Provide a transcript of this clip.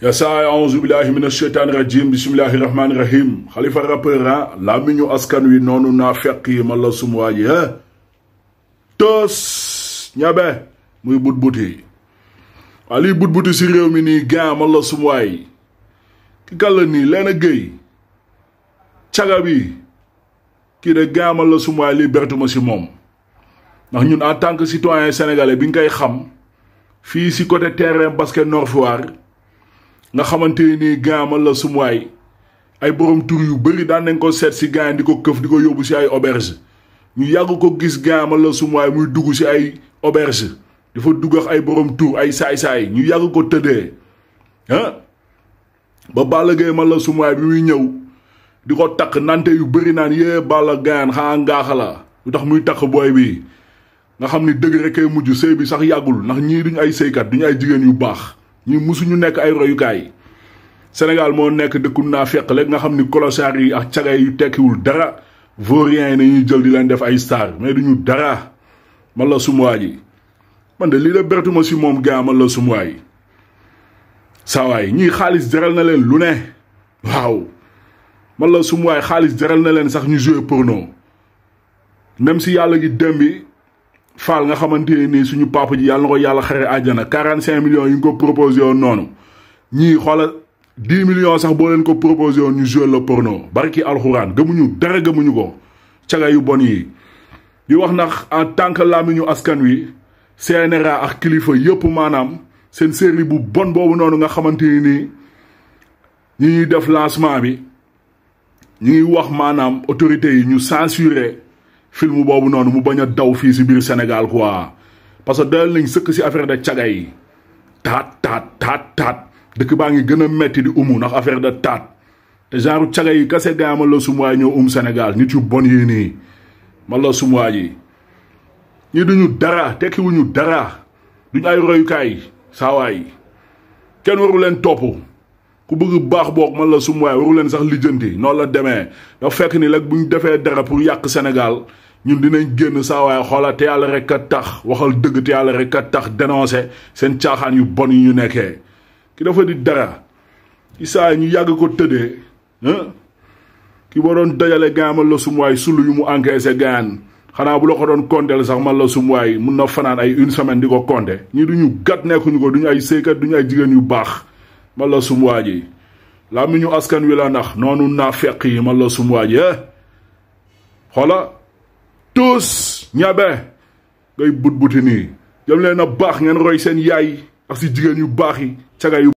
yasaaya aouzu billahi mina sheytaani rajim bismillahi rahmaani rahim xalifa rappeur a laa mi ñu askan wi noonu naa fekk yi man la suma waaji hë toos ñabe muy but buti waa liy but buti si réew mi nii gaa man la suma waay ki kàlla nii Léna Gueye caga bi kii de gaa man la suma waay lii bertuma si moom ndax ñun en tant que citoyen sénégalais bi nga koy xam fii si côté terrain basket Nord Foire nga xamante ni gaamal la sumuwaay ay borom tur yu bëri daan nañ ko seet si gaan ko këf di ko yóbbu si ay auberge ñu yàgg ko gis gaamal la sumuwaay muy dugg si ay auberge dafa dugg ak ay borom tur ay saay-saay ñu yàgg ko tëddee ah ba Balla Gaye man la sumuwaay bi muy ñëw di ko takk nante yu bëri naan yée Balla gaan xaa ngaaxa lu tax muy takk booy bi nga xam ni dëgg rekk mujj sëy bi sax yàggul ndax ñii duñu ay sëykat duñu ay jigéen yu baax ñu musuñu nekk ay royukaay yi Sénégal moo nekk dëkku naa fekk rek nga xam ni colossar yi ak cagay yu tekkiwul dara vauriens yi nañuy jël di leen def ay star mais duñu dara man la sumuwaa ji man de lii de bertuma si moom gaa man la sumuwaa yi saawaay ñii xaalis jaral na leen lu ne waaw man la sumuwaay xaalis jaral na leen sax ñu jouer porno même si yàlla gi dem faal nga xamante nii suñu papa ji yàlla na ko yàlla xare àjjana 45 millions yi ñu ko proposé woon noonu ñii xoola 10 millions sax boo leen ko proposé woon ñu joué le porno barki alxuraan gëmuñu dara gëmuñu ko caga yu bon yi. di wax ndax en tant que làmmiñu askan wi CNRA ak kilifa yëpp maanaam seen série bu bon boobu noonu nga xamante ni nii ñi ñuy def lancement bi ñu ngi wax maanaam autorités yi ñu censuré. film boobu noonu mu bañ a daw fii si biir Sénégal quoi parce que dal nañ sëkk si affaire de caga yi taat taat taat taat dëkk baa ngi gën a metti di umu ndax affaire de taat te genre caga yi kase gaama la sumuwaay ñoo um Sénégal nit yu bon yii nii man la sumuwaay yi ñi duñu dara tekkiwuñu dara duñu ay royukaay saawaay kenn waru topp ku bëgg baax boog man la sum waay leen sax lijjanti noonu la demee dafa fekk ni nag bu ñu defee dara pour yàq senegal ñun dinañ génn saa waaye xoola te yàlla rek a tax waxal dëgg te yàlla rek a tax dénoncé seen caaxaan yu bon yu ñu nekkee ki dafa di dara ci ñu yàgg ko tëddee kii ba doon dajale gaan la sum waay sulu yu mu encaissé gaan xanaa bu la ko doon konteel sax man la sum waay mun na fanaan ay une semaine di ko compter ñii duñu gat nekkuñu ko duñu ay sëykat duñu ay jigéen yu baax man la sum waa ji laa askan wi la nax noonu naa feq yi man la sum waa ji eh? xoola tous ñabe ngay but buti nii jëm leen a baax ngeen roy seen yaay ak si jigéen yu baax yi caga